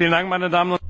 Vielen Dank, meine Damen und